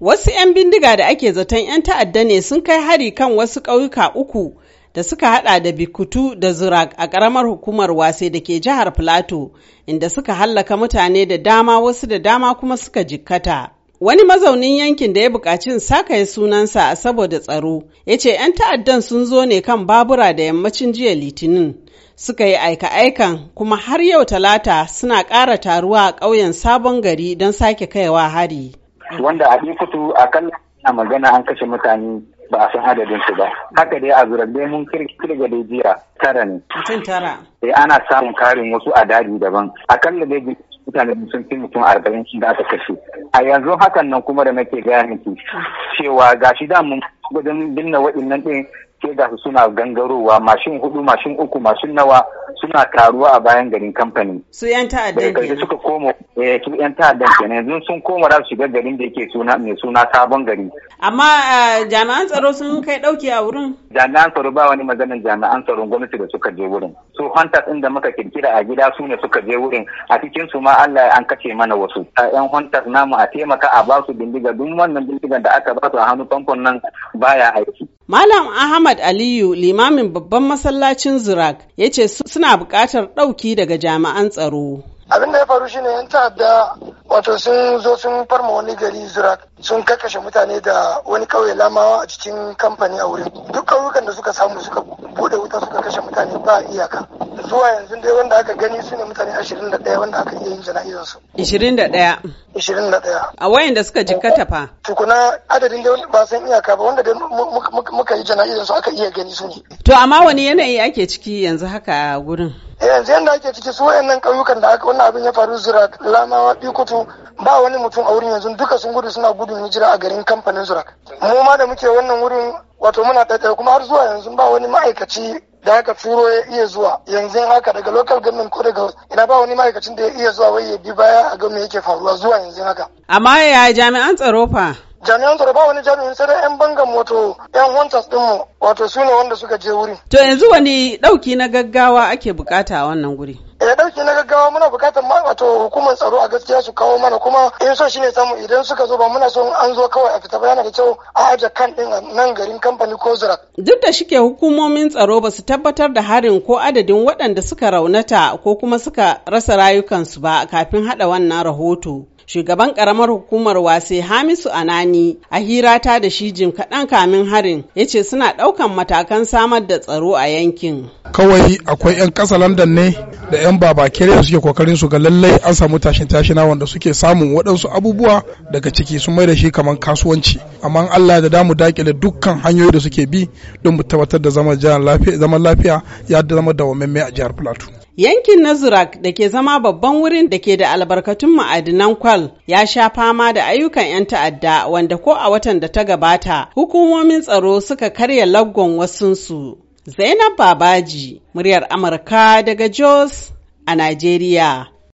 Wasu 'yan bindiga da ake zaton 'yan ta'adda ne sun kai hari kan wasu ƙauyuka uku da suka hada da Bikutu da Zurak a ƙaramar hukumar wase da ke jihar Filato, inda suka hallaka mutane da dama wasu da dama kuma suka jikkata. Wani mazaunin yankin da ya buƙaci sakaye sunansa a saboda tsaro, ya ce 'yan ta'addan sun zo ne kan babura da yammacin jiya Litinin. suka yi aika-aikan kuma har yau talata suna ƙara taruwa a ƙauyen sabon gari don sake kaiwa hari. wanda a fito a kan na magana an kashe mutane ba a san adadin su ba haka dai a zurabe mun kirga dai jiya tara ne mutum tara sai eh, ana samun karin wasu a daji daban akalla dai mutane sun fi mutum arba'in shi da aka kashe a yanzu hakan nan kuma da nake gaya miki cewa gashi da mun gudun binne waɗannan ɗin sai gasu suna gangarowa mashin hudu mashin uku mashin nawa suna karuwa a bayan garin kamfani. Su 'yan ta'addan ke suka koma eh su 'yan ta'addan yanzu sun koma za su shiga garin da yake suna mai suna sabon gari. Amma eh, jami'an tsaro sun kai ɗauki a wurin? Jami'an tsaro ba wani maganin jami'an tsaron gwamnati da suka je wurin. Su hunters ɗin da muka kirkira a gida su ne suka je wurin a cikin su ma Allah an kace mana wasu. 'Yan hunters namu a taimaka a ba su bindiga duk wannan bindigan da aka ba su a hannu famfon nan baya aiki. Malam Ahmad Aliyu limamin babban masallacin Zurak ya ce suna buƙatar ɗauki daga jami'an tsaro. Abin da ya faru shine yan ta'adda wato sun zo sun farma wani gari Zurak sun kakashe mutane da wani kauye lamawa a cikin kamfani a wurin. Duk ƙauyukan da suka samu suka bude wuta suka kashe mutane ba iyaka. Zuwa yanzu dai wanda aka gani su ne mutane 21 wanda aka iya yin jana'izarsu. 21. 21 a wayan da suka jikkata fa tukuna adadin da ba san iyaka ba wanda da muka yi jana'izar su aka iya gani su ne to amma wani yanayi ake ciki yanzu haka gurin eh, yanzu yadda ake ciki su wayannan ƙauyukan da aka wannan abin ya faru zura lamawa bikutu ba wani mutum a wurin yanzu duka sun gudu suna gudun hijira a garin kamfanin zurak mu ma da muke wannan wurin wato muna ɗaiɗaya kuma har zuwa yanzu ba wani ma'aikaci da haka turo ya iya zuwa yanzu haka daga local government ko daga ina ba wani ma'aikacin da ya iya zuwa wai ya bi baya a ga me yake faruwa zuwa yanzu haka amma ya jami'an tsaro fa jami'an tsaro ba wani jami'in sai dai 'yan bangan moto 'yan hunters dinmu wato su ne wanda suka je wurin to yanzu wani ɗauki na gaggawa ake bukata a wannan guri ya dauke na gaggawa muna bukatar ma wato hukumar tsaro a gaskiya su kawo mana kuma in so shine samu idan suka zo ba muna so an zo kawai a fita yana da kyau a aje kan din nan garin kamfani ko zurak. Duk da shike hukumomin tsaro ba su tabbatar da harin ko adadin waɗanda suka raunata ko kuma suka rasa rayukansu ba kafin haɗa wannan rahoto. shugaban karamar hukumar wase hamisu anani a hirata da shi jim kaɗan kamin harin ya ce suna ɗaukan matakan samar da tsaro a yankin kawai akwai 'yan ƙasa landan ne da 'yan baba kere suke kokarin su ga lallai an samu tashin tashina wanda suke samun waɗansu abubuwa daga ciki sun mai da shi kamar kasuwanci amma allah da damu dakile dukkan hanyoyi da suke bi don mu tabbatar da zaman lafiya ya zama dawwammame a jihar plateau Yankin Nazurak da ke zama babban wurin da ke da albarkatun ma'adinan kwal ya sha fama da ayyukan 'yan ta'adda wanda ko a watan da ta gabata hukumomin tsaro suka karya laggon wasunsu. Zainab Babaji, muryar Amurka daga Jos a Najeriya.